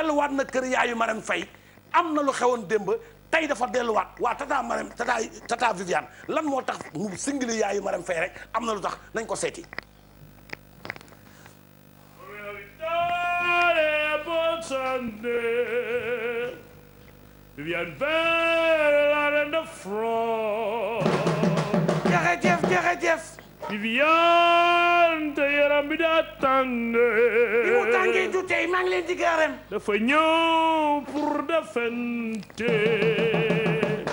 delluwaat na kër yaayu Marème Faye am na lu xewoon démb tey dafa delluwaat waa tata Marème tata tata lan moo tax mu singili yaayu Marème Faye rek am na lu tax nañ ko seeti. jërëjëf jërëjëf Viviane te yaram bi daa tàng. bi mu tàngee du tey maa ngi leen di gërëm. dafa ñëw pour defante.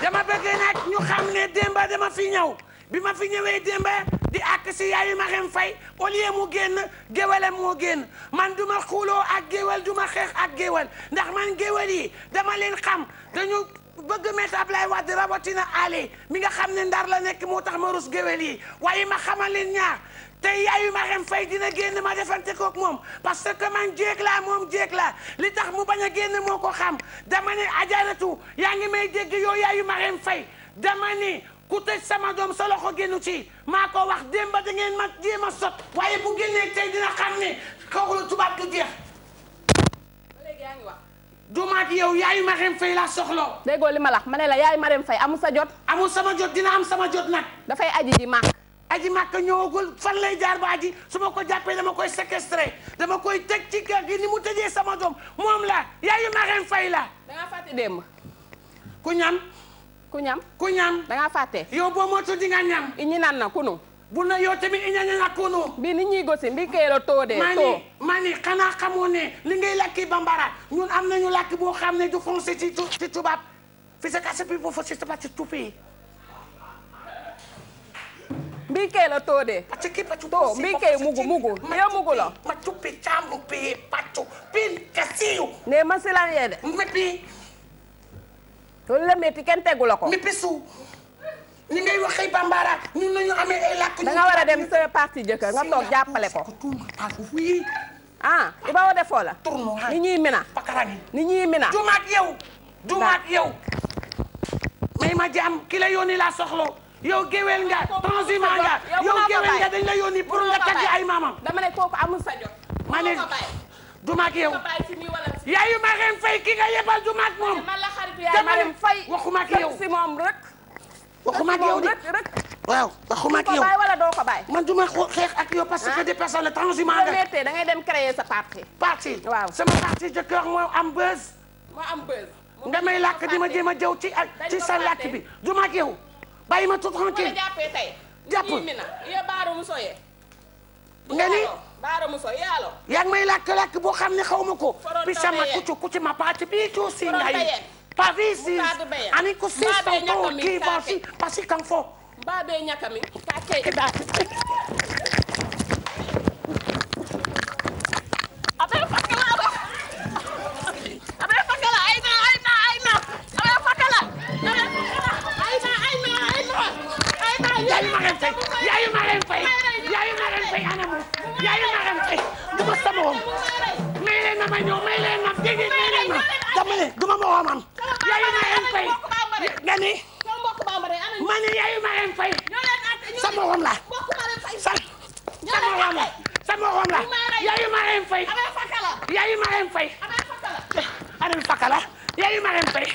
dama bëgg nag ñu xam ne Demba dama fi ñëw bi ma fi ñëwee Demba di àkk si yaayu Marème Faye au lieu mu génn géwalem moo génn man du xuloo ak géwal du xeex ak géwal ndax man géwal yi dama leen xam dañu. bëgg ab Ablaye Wade rawatina Ali mi nga xam ne ndar la nekk moo tax ma rus géwél yi waaye ma xamal leen ñaar tey yaayu ma xem fay dina génn ma defante kook moom parce que man jéeg laa moom jéeg laa li tax mu bañ a génn moo ko xam dama ne ajaratu yaa ngi may dégg yow yaayu ma fay dama ni ku tëj sama doom sa loxo génnu ci maa ko wax démb da ngeen ma jéem a sot waaye bu génnee tey dina xam ne xawlu tubaab du jeex. du maag yow yaayu Marème Faye laa soxlo déggoo li ma la ma ne la yaayu Marème fay amul sa jot. amul sama jot dina am sama jot nag. dafay aji ji màkk. aji màkk ñëwagul fan lay jaar ba aji su ma ko jàppee dama koy séquestré dama koy teg ci kër gi ni mu tëjee sama doom moom la yaayu Marème Faye la. da fàtte démb. ku ñam. ku ñam ku ñam. da fàtte. yow boo moytuwul di nga ñam. ñi naan na kunu. buna yo temi iñañaña kono bi ni ñi gosi mbi la too de mani xanaa xamoon ne li ngay lakki bambara ñun am nañu lakki boo xam ne du foncé ci ci tubaab fi sa kase bi boo fa ci tubaab ci tupi mbi keelo too de pacci ki paccu to mbi key mugu mugu yo mugu lo paccu pi cambu paccu pin kasiyu ne masilan yee de mbi pi loolu la metti kenn tegu la ko mbi ni ngay waxee bambara ñun nañu amee ay làkk. da nga war a dem sa parti jëkkër nga toog jàppale ko. ah Iba Wade foo ni ñuy mina. ni ñuy mina. jumaat yow. jumaat yow. may ma jàmm ki la yónni laa soxla. yow géwél nga transhumant nga yow géwél nga dañ la yónni pour nga tagg ay maamam. dama ne kooku amul sa jot. ma ne jumaat yow. yaayu Marème Faye ki nga yebal jumaat moom. waxuma waxuma ak yow de waaw waxuma ak ko bàyyi yow parce que ah. des personnes transhumant nga mettee da ngay dem créer sa parti parti waaw sama parti jëkkër moo am buzz moo ma jéem ci ci sa làkk bi duma ak yow bàyyi ma tout tranquille jàppee tey jàpp nga may làkk-làkk boo xam ne xaw ma ko pisama kucu kucu ma paati bii cuusi ngayi pavisi ani ku siis taw taw Basi basi kan fɔ. n b'a bɛɛ ɲagami k'a kɛ i da. a bɛ fakala a bɛ fakala Ayima Ayima Ayima a bɛ fakala a bɛ fakala Ayima Ayima Ayima Ayima. yaayu Marème Faye yaayu Marème Faye yaayu Marème Faye anamu yaayu Marème Faye du ma sa mɔgɔ may leen na ma ñëw may leen na dégg may leen na dama ne du ma mɔgɔ man yaayu Marème Faye nga ni. ma ne yaayu Marème Faye sama wam la sama wam la sama wam la yaayu Marème Faye yaayu Marème Faye anel fakala yaayu Marème Faye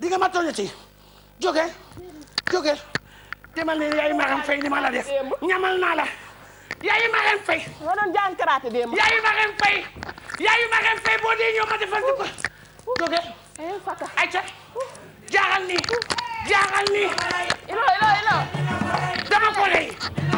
di nga ma tooñ demal ne yaayu Marème Faye ni ma la def ñamal naa la yaayu Marème Faye nga doon jàng karaté démb yaayu Marème Faye yaayu Marème Faye boo dee ñëw ma defal di ko uhuh. jóge ayca jaaxal ni ilo ilo ilo dama ko lay